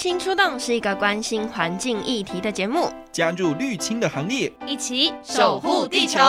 綠青出動是一個關心環境議題的節目，加入綠青的行列，一起守護地球。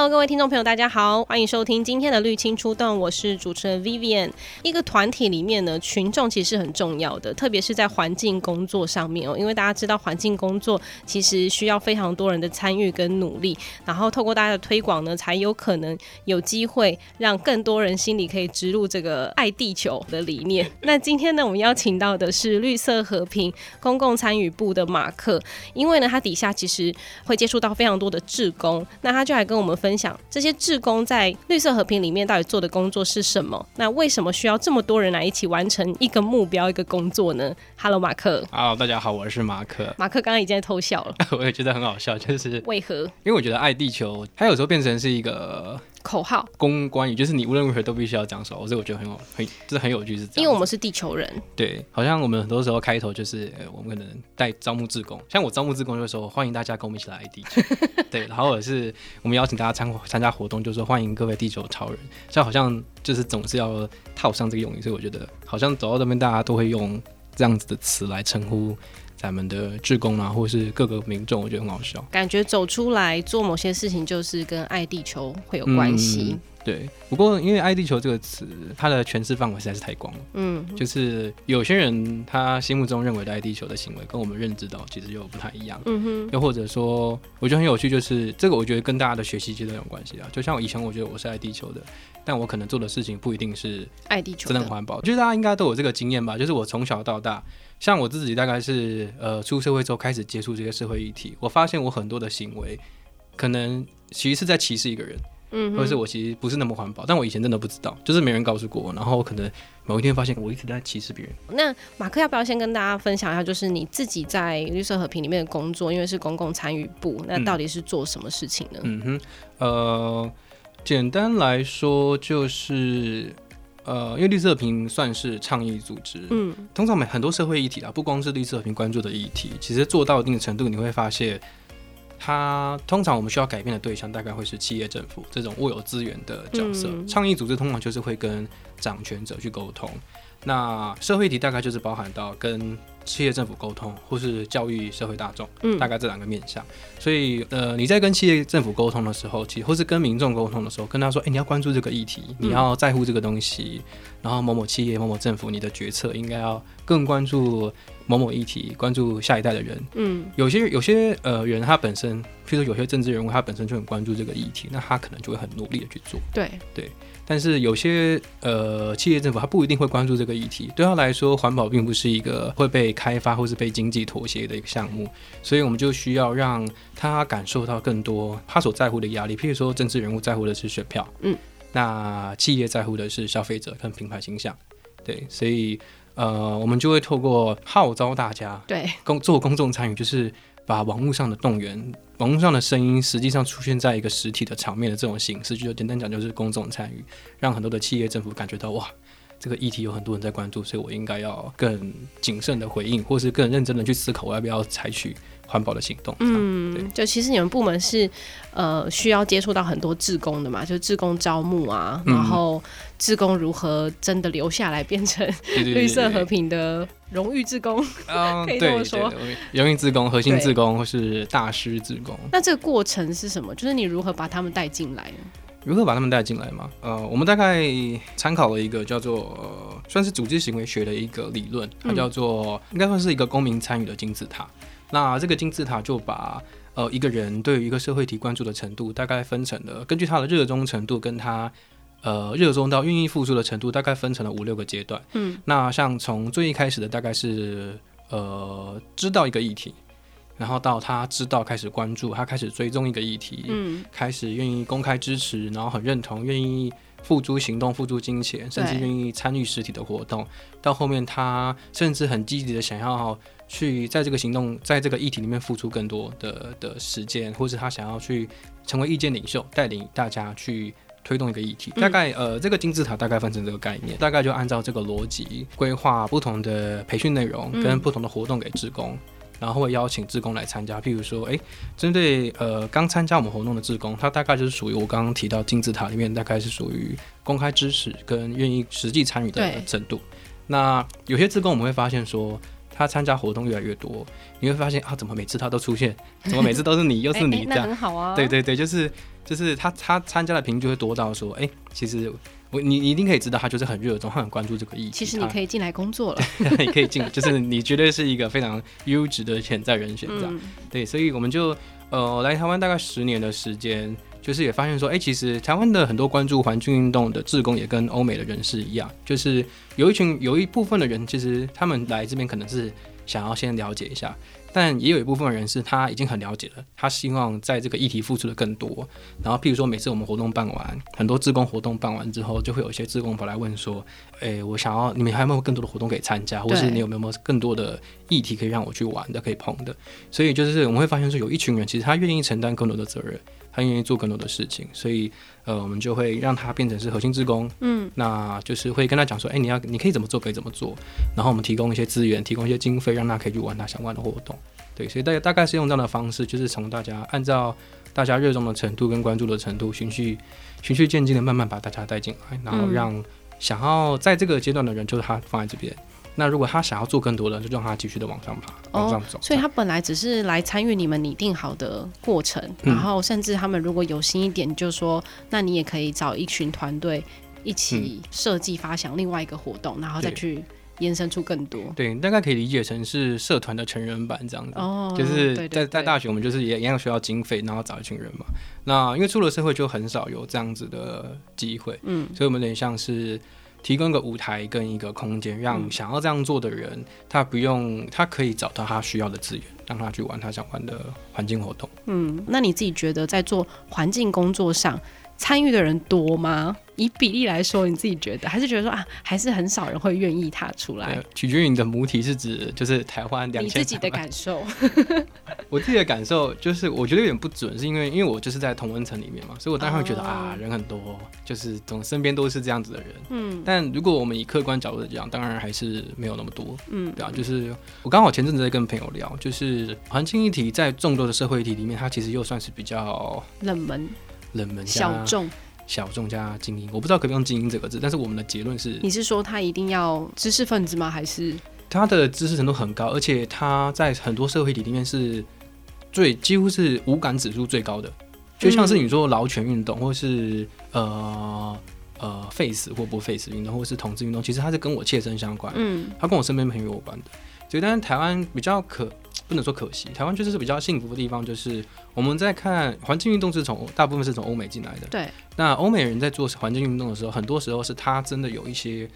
Hello，各位聽眾朋友，大家好，歡迎收聽今天的綠青出動。我是主持人 Vivian。一個團體裡面呢，群眾其實是很重要的，特別是在環境工作上面哦、喔，因為大家知道，環境工作其實需要非常多人的參與跟努力，然後透過大家的推廣呢，才有可能有機會讓更多人心裡可以植入這個愛地球的理念。那今天呢，我們邀請到的是綠色和平公共參與部的馬克，因為呢，他底下其實會接觸到非常多的志工，那他就來跟我們分。分享這些志工在綠色和平裡面到底做的工作是什麼？那為什麼需要這麼多人來一起完成一個目標、一個工作呢？Hello，馬克。Hello，大家好，我是馬克。馬克剛剛已經在偷笑了。 我也覺得很好笑，就是為何？因為我覺得愛地球，它有時候變成是一個。口號、公關語，就是你無論如何都必須要講說，所以我覺得很有、很就是很有趣是，是因為我們是地球人，對，好像我們很多時候開頭就是，呃、我們可能在招募志工，像我招募志工就是說，歡迎大家跟我們一起來地球， 對，然後也是我們邀請大家參參加活動，就是、說歡迎各位地球超人，就好像就是總是要套上這個用語，所以我覺得好像走到這邊大家都會用這樣子的詞來稱呼。咱們的志工啊，或是各個民眾，我覺得很好笑。感覺走出來做某些事情，就是跟愛地球會有關係。嗯、對，不過因為“愛地球”這個詞，它的詮釋範圍實在是太廣了。嗯，就是有些人他心目中認為的“愛地球”的行為，跟我們認知到其實又不太一樣。嗯哼。又或者說，我覺得很有趣，就是這個，我覺得跟大家的學習階段有關係啊。就像我以前，我覺得我是愛地球的，但我可能做的事情不一定是愛地球、真的環保。我覺得大家應該都有這個經驗吧，就是我從小到大。像我自己大概是呃，出社會之後開始接觸這些社會議題，我發現我很多的行為，可能其實是在歧視一個人，嗯哼，或者是我其實不是那麼環保，但我以前真的不知道，就是沒人告訴過我，然後可能某一天發現我一直在歧視別人。那馬克要不要先跟大家分享一下，就是你自己在綠色和平裡面的工作，因為是公共參與部，那到底是做什麼事情呢？嗯，嗯哼，呃，簡單來說就是。呃，因為綠色和平算是倡議組織，嗯，通常每很多社會議題啊，不光是綠色和平關注的議題，其實做到一定的程度，你會發現，它通常我們需要改變的對象大概會是企業、政府這種握有資源的角色。嗯，倡議組織通常就是會跟掌權者去溝通，那社會議題大概就是包含到跟。企業政府溝通，或是教育社會大眾，嗯，大概這兩個面向。所以，呃，你在跟企業政府溝通的時候，其或是跟民眾溝通的時候，跟他說：“哎、欸，你要關注這個議題，你要在乎這個東西，嗯、然後某某企業、某某政府，你的決策應該要更關注某某議題，關注下一代的人。嗯”嗯，有些有些呃人，他本身譬如說有些政治人物，他本身就很關注這個議題，那他可能就會很努力的去做。對對。對但是有些呃企業政府他不一定會關注這個議題，對他來說環保並不是一個會被開發或是被經濟妥協的一個項目，所以我們就需要讓他感受到更多他所在乎的壓力，譬如說政治人物在乎的是選票，嗯，那企業在乎的是消費者跟品牌形象，對，所以呃我們就會透過號召大家，對，公做公眾參與就是。把網絡上的動員、網絡上的聲音，實際上出現在一個實體的場面的這種形式，就簡單講，就是公眾參與，讓很多的企業、政府感覺到哇，這個議題有很多人在關注，所以我應該要更謹慎的回應，或是更認真的去思考，我要不要採取環保的行動。嗯，就其實你們部門是呃需要接觸到很多志工的嘛，就志工招募啊，然後。嗯志工如何真的留下來，變成對對對對綠色和平的榮譽志工嗯，呃、可以這麼說，榮譽志工、核心志工對或是大師志工。那這個過程是什麼？就是你如何把他們帶進來？如何把他們帶進來嗎？呃，我們大概參考了一個叫做、呃、算是組織行為學的一個理論，它叫做、嗯、應該算是一個公民參與的金字塔。那這個金字塔就把呃一個人對於一個社會議題關注的程度，大概分成了根據他的熱衷程度跟他。呃，熱衷到願意付出的程度，大概分成了五六個階段。嗯，那像從最一開始的，大概是呃，知道一個議題，然後到他知道開始關注，他開始追蹤一個議題，嗯，開始願意公開支持，然後很認同，願意付諸行動、付諸金錢，對甚至願意參與實體的活動。到後面，他甚至很積極的想要去在這個行動、在這個議題裡面付出更多的的時間，或是他想要去成為意見領袖，帶領大家去。推動一個議題，大概呃，這個金字塔大概分成這個概念，大概就按照這個邏輯規劃不同的培訓內容跟不同的活動給志工，嗯、然後會邀請志工來參加。譬如說，哎、欸，針對呃剛參加我們活動的志工，他大概就是屬於我剛剛提到金字塔裡面，大概是屬於公開支持跟願意實際參與的程度。對那有些志工我們會發現說，他參加活動越來越多，你會發現啊，怎麼每次他都出現？怎麼每次都是你， 又是你這樣？那很好啊、哦！對對對，就是。就是他，他參加的頻率就會多到說，哎、欸，其實我你你一定可以知道，他就是很熱衷、很關注這個議題。其實你可以進來工作了， 他 你可以進，就是你絕對是一個非常優質的潛在人選，嗯、對。所以我們就呃來台灣大概十年的時間，就是也發現說，哎、欸，其實台灣的很多關注環境運動的志工也跟歐美的人士一樣，就是有一群有一部分的人，其實他們來這邊可能是想要先了解一下。但也有一部分人是他已經很了解了，他希望在這個議題付出的更多。然後，譬如說每次我們活動辦完，很多志工活動辦完之後，就會有一些志工跑來問說：“誒、欸，我想要你們還有沒有更多的活動可以參加，對或者是你有沒有更多的？”議題可以讓我去玩的，可以碰的，所以就是我們會發現說，有一群人其實他願意承擔更多的責任，他願意做更多的事情，所以呃，我們就會讓他變成是核心志工，嗯，那就是會跟他講說，誒、欸，你要你可以怎麼做可以怎麼做，然後我們提供一些資源，提供一些經費，讓他可以去玩他相關的活動，對，所以大家大概是用這樣的方式，就是從大家按照大家熱衷的程度跟關注的程度循序循序漸進的慢慢把大家帶進來，然後讓想要在這個階段的人，就是他放在這邊。那如果他想要做更多的，就讓他繼續的往上爬，哦、往上走。所以，他本來只是來參與你們擬定好的過程，嗯、然後甚至他們如果有心一點，就是說，那你也可以找一群團隊一起設計、發想另外一個活動，嗯、然後再去延伸出更多對。對，大概可以理解成是社團的成人版這樣子。哦，就是在、嗯、對對對在大學，我們就是也一樣需要經費，然後找一群人嘛。那因為出了社會就很少有這樣子的機會，嗯，所以我們有點像是。提供一個舞台跟一個空間，讓想要這樣做的人，嗯，他不用，他可以找到他需要的資源，讓他去玩他想玩的環境活動。嗯，那你自己覺得在做環境工作上？參與的人多嗎？以比例來說，你自己覺得還是覺得說啊，還是很少人會願意踏出來。取決於你的母體是指就是台灣兩千。你自己的感受。 我自己的感受就是我覺得有點不準，是因為因為我就是在同溫層裡面嘛，所以我當然會覺得、哦、啊人很多，就是從身邊都是這樣子的人。嗯。但如果我們以客觀角度來講，當然還是沒有那麼多。嗯。對啊，就是我剛好前陣子在跟朋友聊，就是環境議題在眾多的社會議題裡面，它其實又算是比較冷門。冷門小眾，小眾加精英，眾我不知道可不可以用精英這個字，但是我們的結論是，你是說他一定要知識分子嗎？還是他的知識程度很高，而且他在很多社會體裡面是最幾乎是無感指數最高的，就像是你說勞權運動，或是呃呃 face 或不 face 運動，或是同志運動，其實他是跟我切身相關，嗯，他跟我身邊朋友有關的，所以但是台灣比較可。不能說可惜，台灣就是比較幸福的地方，就是我們在看環境運動是從大部分是從歐美進來的。對，那歐美人在做環境運動的時候，很多時候是他真的有一些，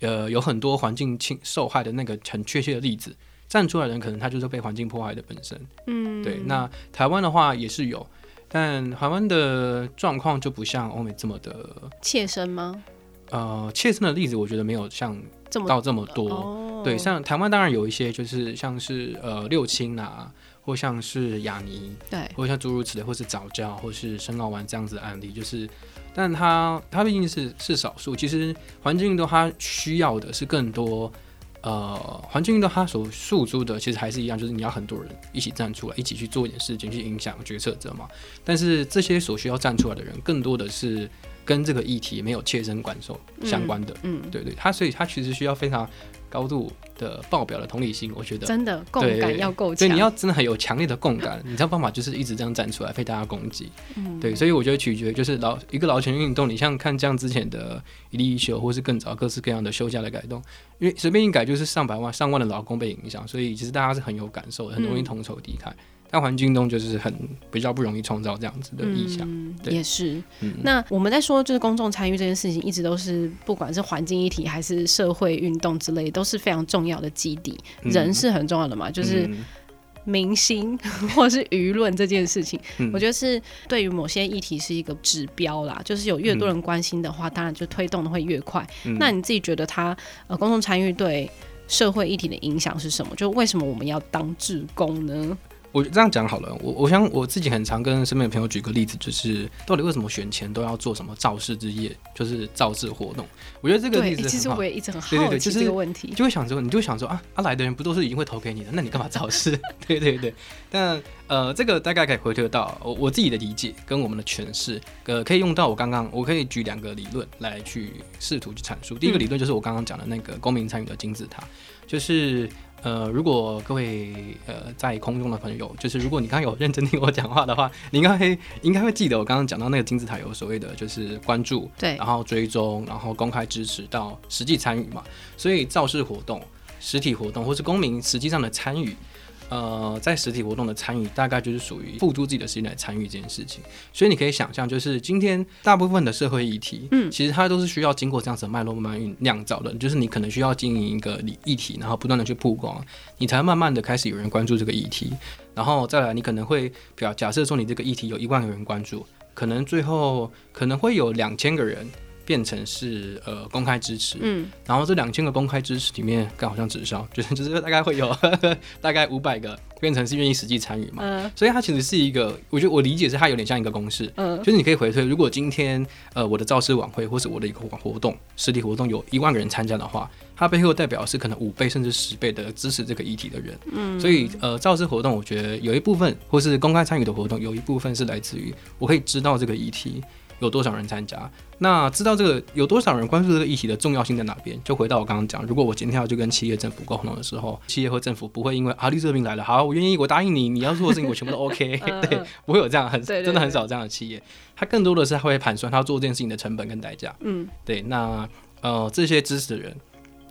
呃，有很多環境侵受害的那個很確切的例子站出來的人，可能他就是被環境破壞的本身。嗯，對。那台灣的話也是有，但台灣的狀況就不像歐美這麼的切身嗎？呃，切身的例子我覺得沒有像到這麼多，麼多哦、對，像台灣當然有一些，就是像是呃六輕啊，或像是亞泥，對，或像諸如此類，或是藻礁，或是深澳灣這樣子的案例，就是，但它它畢竟是是少數，其實環境運動它需要的是更多。呃，環境運動它所訴諸的其實還是一樣，就是你要很多人一起站出來，一起去做一點事情，去影響決策者嘛。但是這些所需要站出來的人，更多的是跟這個議題沒有切身感受相關的。嗯嗯，對，對對，他所以他其實需要非常。高度的爆表的同理心，我覺得真的共感要夠強，所以你要真的很有強烈的共感， 你這樣方法就是一直這樣站出來 被大家攻擊。對，所以我覺得取決於就是勞一個勞權運動，你像看這樣之前的一例一休，或是更早各式各樣的休假的改動，因為隨便一改就是上百萬上萬的勞工被影響，所以其實大家是很有感受的，很容易同仇敵愾。嗯嗯在環境中就是很比較不容易創造這樣子的意象，嗯、對也是。嗯、那我們在說就是公眾參與這件事情，一直都是不管是環境議題還是社會運動之類，都是非常重要的基底。嗯、人是很重要的嘛，就是民心、嗯、或是輿論這件事情，嗯、我覺得是對於某些議題是一個指標啦。就是有越多人關心的話，嗯、當然就推動的會越快。嗯、那你自己覺得它呃公眾參與對社會議題的影響是什麼？就為什麼我們要當志工呢？我這樣講好了，我我想我自己很常跟身邊的朋友舉個例子，就是到底為什麼選前都要做什麼造勢之夜，就是造勢活動。我覺得這個例子，欸、其實我也一直很好奇對對對，就是，這個問題，就會想說，你就會想說啊，啊來的人不都是已經會投給你的，那你幹嘛造勢？ 對對對。但呃，這個大概可以回推得到我我自己的理解跟我們的詮釋，呃，可以用到我剛剛我可以舉兩個理論來去試圖去闡述。第一個理論就是我剛剛講的那個公民參與的金字塔，嗯、就是。呃，如果各位呃在空中的朋友，就是如果你剛有認真聽我講話的話，你應該應該會記得我剛剛講到那個金字塔有所謂的，就是關注，對，然後追蹤，然後公開支持到實際參與嘛，所以造勢活動、實體活動或是公民實際上的參與。呃，在實體活動的參與，大概就是屬於付出自己的時間來參與這件事情。所以你可以想象，就是今天大部分的社會議題，嗯，其實它都是需要經過這樣子的脈絡慢慢釀造的。就是你可能需要經營一個議議題，然後不斷的去曝光，你才慢慢的開始有人關注這個議題。然後再來，你可能會表假設說你這個議題有一萬個人關注，可能最後可能會有兩千個人。變成是呃公開支持，嗯，然後這兩千個公開支持裡面，剛好像直銷，就是就是大概會有呵呵大概五百個變成是願意實際參與嘛，嗯、呃，所以它其實是一個，我覺得我理解是它有點像一個公式，嗯、呃，就是你可以回推，如果今天呃我的造勢晚會或是我的一個活動，實體活動有一萬個人參加的話，它背後代表是可能五倍甚至十倍的支持這個議題的人，嗯，所以呃造勢活動，我覺得有一部分或是公開參與的活動，有一部分是來自於我可以知道這個議題。有多少人參加？那知道這個有多少人關注這個議題的重要性在哪邊？就回到我剛剛講，如果我今天要去跟企業、政府溝通的時候，企業和政府不會因為啊，綠色和平來了，好，我願意，我答應你，你要做的事情 我全部都 OK， 對，不會有這樣很真的很少這樣的企業，他更多的是他會盤算他做這件事情的成本跟代價。嗯，對，那呃這些支持的人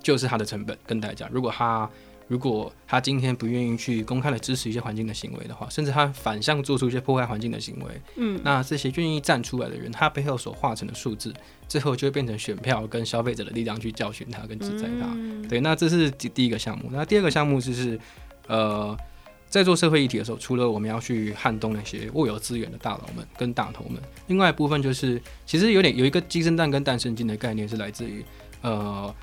就是他的成本跟代價。如果他如果他今天不願意去公開的支持一些環境的行為的話，甚至他反向做出一些破壞環境的行為，嗯，那這些願意站出來的人，他背後所化成的數字，最後就會變成選票跟消費者的力量去教訓他跟制裁他。嗯、對，那這是第第一個項目。那第二個項目就是，呃，在做社會議題的時候，除了我們要去撼動那些握有資源的大佬們跟大頭們，另外一部分就是，其實有點有一個雞生蛋跟蛋生雞的概念是來自於，呃。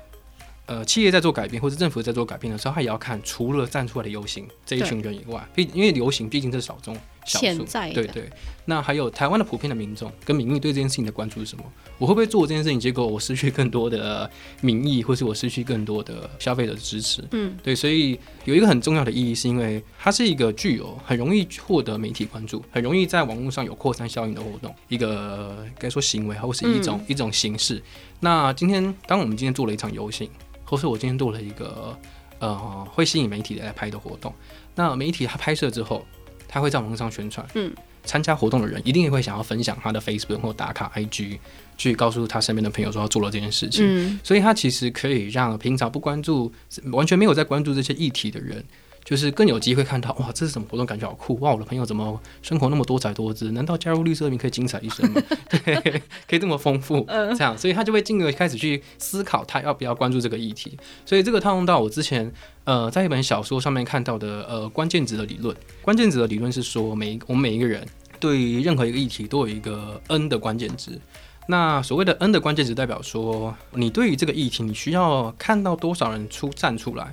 呃，企業在做改變或者政府在做改變的時候，他也要看除了站出來的遊行這一群人以外，畢對因為遊行畢竟這是少數，潛在的對，對對。那還有台灣的普遍的民眾跟民意對這件事情的關注是什麼？我會不會做這件事情，結果我失去更多的民意，或是我失去更多的消費者的支持？嗯，對。所以有一個很重要的意義，是因為它是一個具有很容易獲得媒體關注、很容易在網絡上有擴散效應的活動，一個該說行為或是一種、嗯、一種形式。那今天，當我們今天做了一場遊行。或是我今天做了一個，呃，會吸引媒體來拍的活動，那媒體他拍攝之後，他會在網上宣傳，嗯，參加活動的人，嗯，一定也會想要分享他的 Facebook 或打卡 IG，去告訴他身邊的朋友說他做了這件事情，嗯，所以他其實可以讓平常不關注，完全沒有在關注這些議題的人，就是更有機會看到哇，這是什麼活動？我感覺好酷哇！我的朋友怎麼生活那麼多彩多姿？難道加入綠色公民可以精彩一生嗎？ 可以這麼豐富，嗯、這樣，所以他就會進而開始去思考，他要不要關注這個議題。所以這個套用到我之前呃，在一本小說上面看到的呃關鍵值的理論。關鍵值的理論是說，每一我們每一個人對於任何一個議題，都有一個 n 的關鍵值。那所謂的 n 的關鍵值，代表說你對於這個議題，你需要看到多少人出站出來。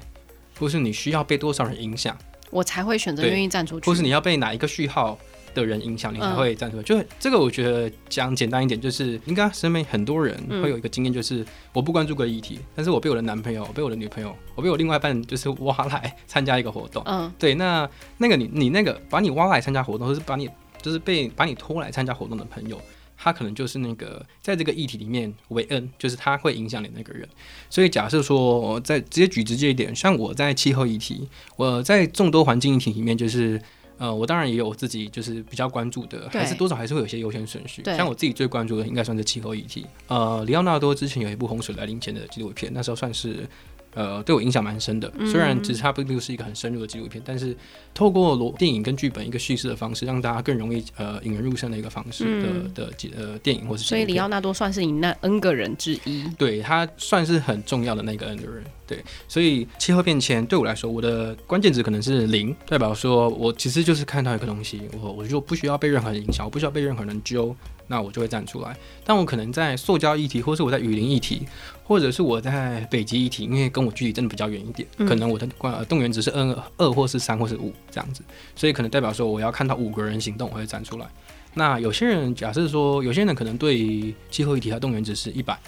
不是你需要被多少人影響，我才會選擇願意站出去。或是你要被哪一個序號的人影響，你才會站出去？嗯、就這個，我覺得講簡單一點，就是應該身邊很多人會有一個經驗，就是我不關注個議題，嗯、但是我被我的男朋友、我被我的女朋友、我被我另外一半就是挖來參加一個活動。嗯，對，那那個你你那個把你挖來參加活動，或是把你就是被把你拖來參加活動的朋友。他可能就是那個在這個議題裡面為 n，就是他會影響你那個人。所以假設說，我再直接舉直接一點，像我在氣候議題，我在眾多環境議題裡面，就是呃，我當然也有我自己就是比較關注的，還是多少還是會有些優先順序。對像我自己最關注的應該算是氣候議題。對呃，李奧納多之前有一部《洪水來臨前》的紀錄片，那時候算是。呃，對我影響蠻深的。雖然其實它並不是一個很深入的紀錄片，嗯、但是透過電影跟劇本一個敘事的方式，讓大家更容易呃引人入勝的一個方式的，嗯、的呃電影或是紀錄片。所以，里奧納多算是你那 N 個人之一。對，他算是很重要的那個 N 個人。對，所以氣候變遷對我來說，我的關鍵值可能是零，代表說我其實就是看到一個東西，我我就不需要被任何人影響，我不需要被任何人揪。那我就會站出來，但我可能在塑膠議題，或是我在雨林議題，或者是我在北極議題，因為跟我距離真的比較遠一點，嗯、可能我的關動員值是二二或是三或是五這樣子，所以可能代表說我要看到五個人行動，我會站出來。那有些人假設說，有些人可能對氣候議題的動員值是一百。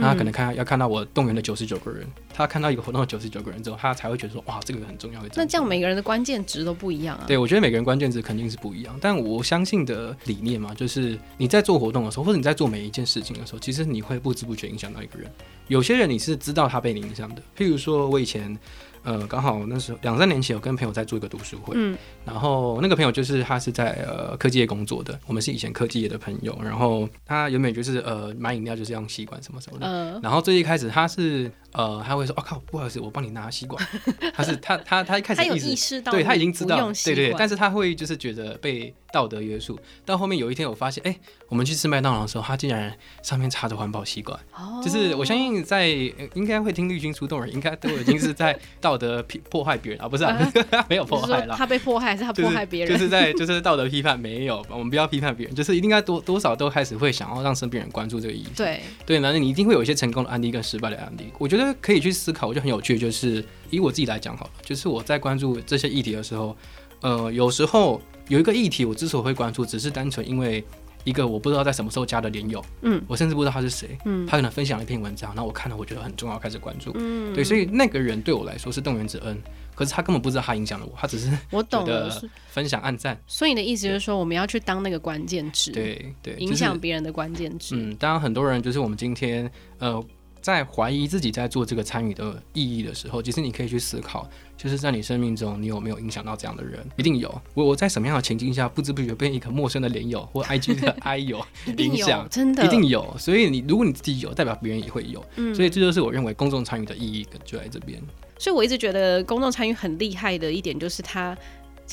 他可能看、嗯、要看到我動員了九十九個人，他看到一個活動的九十九個人之後，他才會覺得說，哇，這個人很重要。那這樣每個人的關鍵值都不一樣啊？對，我覺得每個人關鍵值肯定是不一樣。但我相信的理念嘛，就是你在做活動的時候，或者你在做每一件事情的時候，其實你會不知不覺影響到一個人。有些人你是知道他被你影響的，譬如說我以前。呃，剛好那時候兩三年前有跟朋友在做一個讀書會，嗯、然後那個朋友就是他是在呃科技業工作的，我們是以前科技業的朋友，然後他原本就是呃買飲料就是用吸管什麼什麼的，呃、然後最一開始他是呃他會說，哦靠，不好意思，我幫你拿吸管， 他是他他他一開始意思他有意識到，對，他已經知道，對，對對，但是他會就是覺得被。道德約束，到後面有一天我發現，哎、欸，我們去吃麥當勞的時候，他竟然上面插着環保吸管。Oh. 就是我相信在應該會聽綠軍出動人，應該都已經是在道德批破壞別人啊，不是啊，呃、 沒有破壞了。是他被迫害還是他迫害別人、就是？就是在就是道德批判，沒有我們不要批判別人， 就是應該多多少都開始會想要讓身邊人關注這個議題。對對，那你一定會有一些成功的案例跟失敗的案例，我覺得可以去思考。我覺得很有趣，就是以我自己來講好了，就是我在關注這些議題的時候，呃，有時候。有一個議題，我之所以會關注，只是單純因為一個我不知道在什麼時候加的聯友，嗯，我甚至不知道他是誰，嗯，他可能分享了一篇文章，然後我看了，我覺得很重要，開始關注，嗯，對，所以那個人對我來說是動員之恩，可是他根本不知道他影響了我，他只是得，我懂的分享按讚。所以你的意思就是說，我們要去當那個關鍵值，對對，影響別人的關鍵值，就是。嗯，當然很多人就是我們今天呃，在懷疑自己在做這個參與的意義的時候，其實你可以去思考，就是在你生命中，你有沒有影響到這樣的人？一定有。我我在什麼樣的情境下，不知不覺被一個陌生的臉友或 IG 的 I 友影響？ 真的，一定有。所以你如果你自己有，代表別人也會有。嗯。所以這就是我認為公眾參與的意義就在這邊。所以我一直覺得公眾參與很厲害的一點就是他。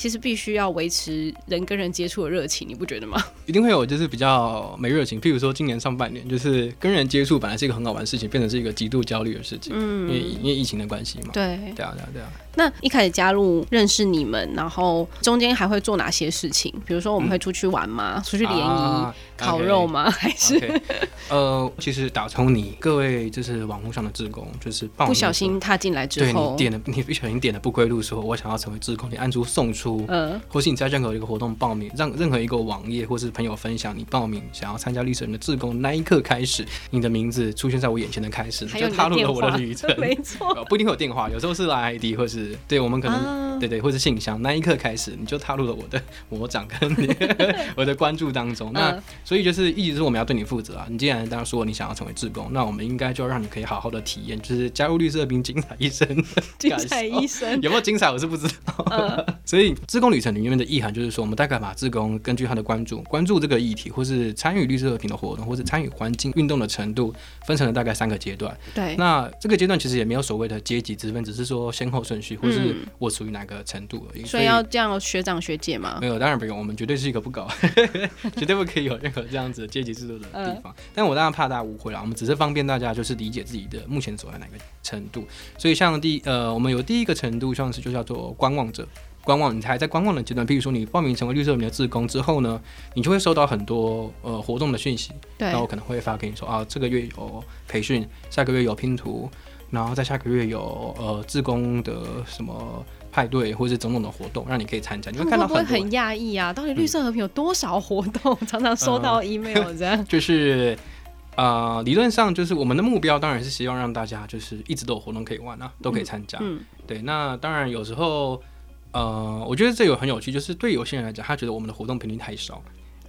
其實必須要維持人跟人接觸的熱情，你不覺得嗎？一定會有，就是比較沒熱情。譬如說，今年上半年，就是跟人接觸本來是一個很好玩的事情，變成是一個極度焦慮的事情。嗯，因為因為疫情的關係嘛。對，對啊，對啊，對啊。那一開始加入認識你們，然後中間還會做哪些事情？比如說，我們會出去玩嗎？嗯，出去聯誼？啊烤肉嗎？Okay, 還是？Okay, 呃，其實打從你各位就是網路上的志工，就是不小心踏進來之後對，你點了，你不小心點了不歸路時候，我想要成為志工，你按住送出，呃、或是你在任何一個活動報名，讓任何一個網頁或是朋友分享你報名想要參加歷史人的志工那一刻開始，你的名字出現在我眼前的開始，你就踏入了我的旅程，沒錯錯、呃，不一定會有電話，有時候是來 ID 或是對我們可能、啊、對,對對，或是信箱。那一刻開始你就踏入了我的魔掌跟你 我的關注當中，呃、那。所以就是，一直是我們要對你負責啊。你既然這樣說，你想要成為志工，那我們應該就要讓你可以好好的體驗，就是加入綠色和平精的，精彩一生。精彩一生有沒有精彩，我是不知道。呃、所以志工旅程裡面的意涵就是說，我們大概把志工根據他的關注、關注這個議題，或是參與綠色和平的活動，或是參與環境運動的程度，分成了大概三個階段。對，那這個階段其實也沒有所謂的階級之分，只是說先後順序，或是我屬於哪個程度而已、嗯、所以、所以要叫學長學姐嗎？沒有，當然不用。我們絕對是一個不搞， 絕對不可以有任何。這樣子階級制度的地方，但我當然怕大家誤會了。我們只是方便大家就是理解自己的目前所在哪個程度。所以像第呃，我們有第一個程度，像是就叫做觀望者，觀望，你還在觀望的階段。譬如說你報名成為綠色和平的志工之後呢，你就會收到很多呃活動的訊息，那我可能會發給你說啊，這個月有培訓，下個月有拼圖，然後在下個月有呃志工的什麼。派對或者是種種的活動，讓你可以參加。你會看到會不會很訝異啊，到底綠色和平有多少活動？嗯、常常收到 email 這樣，嗯呵呵。就是，啊、呃，理論上就是我們的目標當然是希望讓大家就是一直都有活動可以玩啊，都可以參加。嗯嗯、對。那當然有時候，呃，我覺得這個很有趣，就是對有些人來講，他覺得我們的活動頻率太少。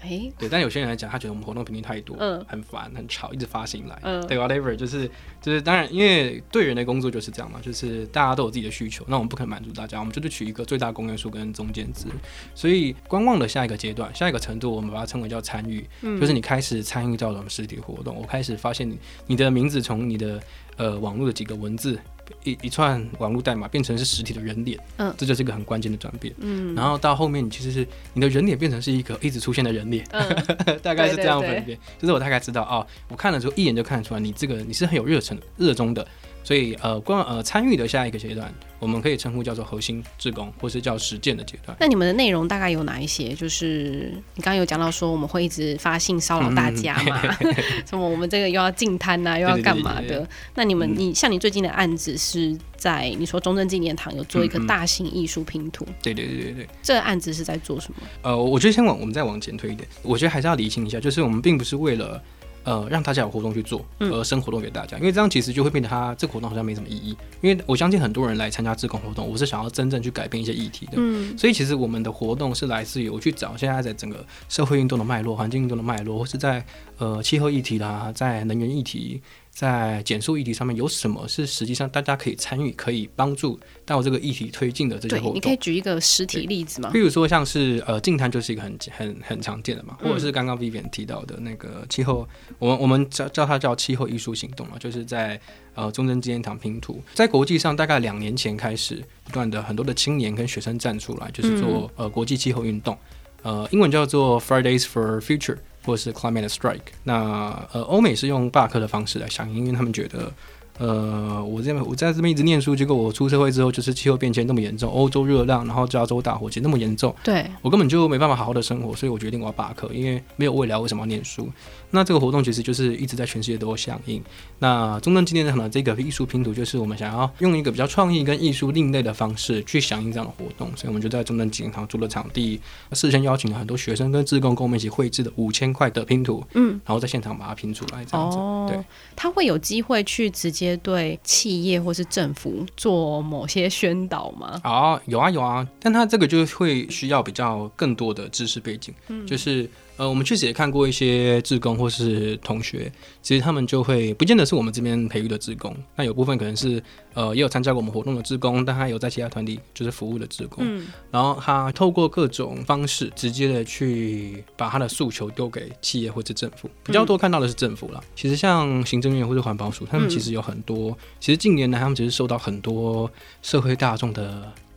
欸、對，但有些人來講，他覺得我們活動頻率太多，呃、很煩，很吵，一直發信來，呃、對，whatever，就是就是，當然，因為對人的工作就是這樣嘛，就是大家都有自己的需求，那我們不可能滿足大家，我們就是取一個最大公約數跟中間值，所以觀望的下一個階段，下一個程度，我們把它稱為叫參與，就是你開始參與到我們實體活動，嗯、我開始發現你你的名字從你的呃網絡的幾個文字，一一串網絡代碼變成是實體的人臉，嗯，這就是一個很關鍵的轉變，嗯，然後到後面你其實是你的人臉變成是一個一直出現的人臉，嗯， 大概是這樣的分別對對對就是我大概知道啊、哦，我看的時候一眼就看得出來，你這個人你是很有熱忱、熱衷的。所以呃，關呃參與的下一個階段，我們可以稱呼叫做核心志工，或是叫實踐的階段。那你們的內容大概有哪一些？就是你剛剛有講到說我們會一直發信騷擾大家、嗯、什麼我們這個又要淨灘吶，嗯、又要幹嘛的？那你們，你像你最近的案子是在你說中正紀念堂有做一個大型藝術拼圖、嗯嗯。對對對對對、嗯。這個案子是在做什麼？呃，我覺得先往我們再往前推一點，我覺得還是要理清一下，就是我們並不是為了。呃，讓大家有活動去做，呃，生活動給大家，嗯、因為這樣其實就會變得他這個活動好像沒什麼意義。因為我相信很多人來參加志工活動，我是想要真正去改變一些議題的。嗯、所以其實我們的活動是來自於我去找現在在整個社會運動的脈絡、環境運動的脈絡，或是在呃氣候議題啦、啊，在能源議題，在減塑議題上面，有什麼是實際上大家可以參與、可以幫助到這個議題推進的這些活動？對，你可以舉一個實體例子嗎？比如說，像是呃，淨灘就是一個很很很常見的嘛，嗯、或者是剛剛 Vivian 提到的那個氣候，我們我們叫叫它叫氣候藝術行動嘛，就是在呃，中正紀念堂拼圖，在國際上大概兩年前開始不斷的很多的青年跟學生站出來，就是做呃國際氣候運動，呃，英文叫做 Fridays for Future。或是 climate strike，那呃，歐美是用罷課的方式來響應，因為他們覺得。呃，我這邊我在這邊一直念書，結果我出社會之後，就是氣候變遷那麼嚴重，歐洲熱浪，然後加州大火起那麼嚴重，對我根本就沒辦法好好的生活，所以我決定我要罷課，因為沒有未來為什麼要念書？那這個活動其實就是一直在全世界都有響應。那中正紀念堂的這個藝術拼圖，就是我們想要用一個比較創意跟藝術另類的方式去響應這樣的活動，所以我們就在中正紀念堂租了場地，事先邀請了很多學生跟志工跟我們一起繪製的五千塊的拼圖，嗯，然後在現場把它拼出來這樣子。哦，對，他會有機會去直接。些對企業或是政府做某些宣導嗎？啊，有啊有啊，但他這個就會需要比較更多的知識背景。嗯，就是呃，我們確實也看過一些志工或是同學，其實他們就會不見得是我們這邊培育的志工，那有部分可能是呃也有參加過我們活動的志工，但他有在其他團體就是服務的志工。嗯，然後他透過各種方式直接的去把他的訴求丟給企業或是政府，比較多看到的是政府啦，嗯、其實像行政院或是環保署，他們其實有很很多，其實近年來他們其實受到很多社會大眾的，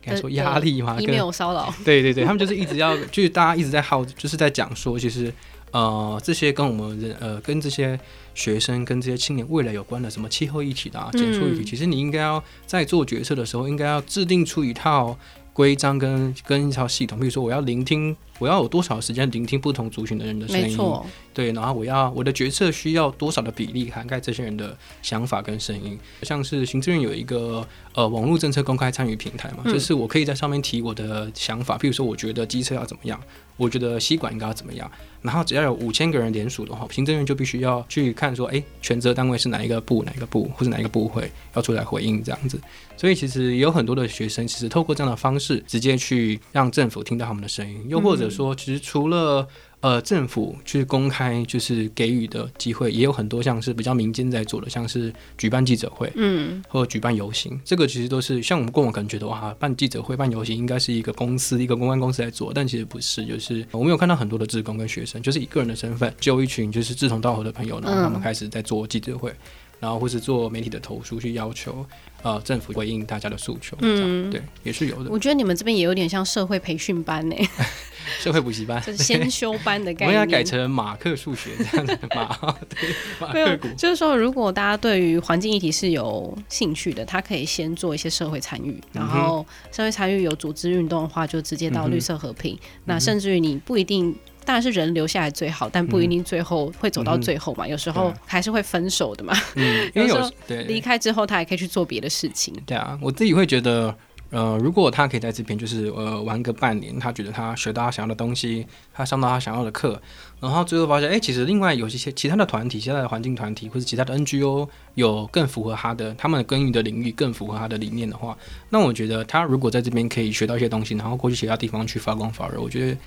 應該說壓力嘛，呃、跟騷擾。對對對，他們就是一直要， 就是大家一直在耗，就是在講說，其實、就是、呃，這些跟我們人呃，跟這些學生跟這些青年未來有關的，什麼氣候議題的啊，減塑議題，嗯、其實你應該要在做決策的時候，應該要制定出一套規章跟跟一套系統，比如說我要聆聽。我要有多少時間聆聽不同族群的人的聲音？沒錯錯，對，然後我要我的決策需要多少的比例涵蓋這些人的想法跟聲音。像是行政院有一個呃網絡政策公開參與平台嘛，就是我可以在上面提我的想法，譬、嗯、如說我覺得機車要怎麼樣，我覺得吸管應該要怎麼樣，然後只要有五千個人聯署的話，行政院就必須要去看說，哎、欸，權責單位是哪一個部、哪一個部或者哪一個部會要出來回應這樣子。所以其實有很多的學生其實透過這樣的方式，直接去讓政府聽到他們的聲音，又或者、嗯。說其實除了呃政府去公開就是給予的機會，也有很多像是比較民間在做的，像是舉辦記者會，嗯，或者舉辦遊行，這個其實都是像我們過往可能覺得哇、啊，辦記者會、辦遊行應該是一個公司、一個公關公司在做，但其實不是，就是我們有看到很多的志工跟學生，就是以個人的身份，就有一群就是志同道合的朋友，然後他們開始在做記者會。嗯然後，或是做媒體的投訴，去要求，呃，政府回應大家的訴求。這樣，嗯，對，也是有的。我覺得你們這邊也有點像社會培訓班呢？ 社會補習班， 就是先修班的概念。我要改成馬克數學這樣子嗎？ 對，沒有。就是說，如果大家對於環境議題是有興趣的，他可以先做一些社會參與，然後社會參與有組織運動的話，就直接到綠色和平。嗯嗯、那甚至於你不一定。當然是人留下來最好，但不一定最後會走到最後嘛。嗯嗯、有時候還是會分手的嘛。嗯、因為有離 開之後，他還可以去做別的事情。對啊，我自己會覺得，呃，如果他可以在這邊，就是呃，玩個半年，他覺得他學到他想要的東西，他上到他想要的課，然後最後發現，哎、欸，其實另外有一些其他的團體，現在的環境團體或者其他的，的 NGO 有更符合他的，他們的耕耘的領域更符合他的理念的話，那我覺得他如果在這邊可以學到一些東西，然後過去其他地方去發光發熱，我覺得。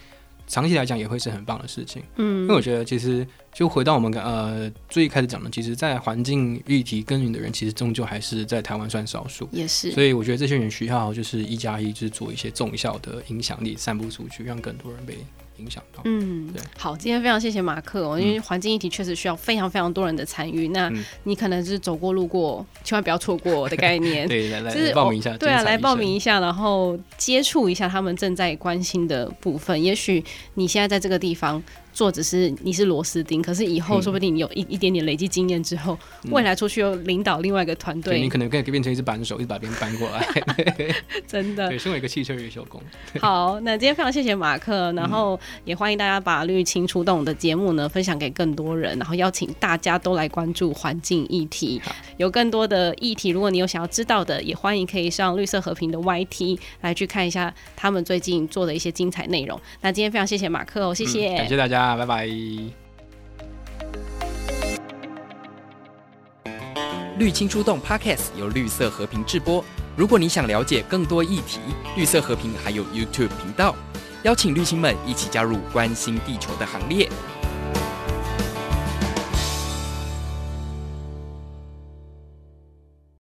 長期來講也會是很棒的事情，嗯，因為我覺得其實就回到我們呃最開始講的，其實，在環境議題耕耘的人，其實終究還是在台灣算少數，也是，所以我覺得這些人需要就是一加一，就是做一些重效的影響力散布出去，讓更多人被。影響到，嗯，對，好，今天非常謝謝馬克、喔，嗯、因為環境議題確實需要非常非常多人的參與。那你可能是走過路過，嗯、千萬不要錯過的概念， 對，來來，就是、報名一下，哦、一下對啊，來報名一下，然後接觸一下他們正在關心的部分。嗯、也許你現在在這個地方，做只是你是螺絲釘，可是以後說不定你有一一點點累積經驗之後，嗯、未來出去又領導另外一個團隊。對，你可能可以變成一隻扳手，一直把別人扳過來。 真的。 對，身為一個汽車維修工。對。好，那今天非常謝謝馬克，然後也歡迎大家把《綠青出動》的節目呢、嗯、分享給更多人，然後邀請大家都來關注環境議題。好有更多的議題，如果你有想要知道的，也歡迎可以上綠色和平的 YT 來去看一下他們最近做的一些精彩內容。那今天非常謝謝馬克哦、喔，謝謝、嗯，感謝大家。拜拜！綠青出動，Podcast 由綠色和平製播。如果你想了解更多議題，綠色和平還有 YouTube 頻道，邀請綠青們一起加入關心地球的行列。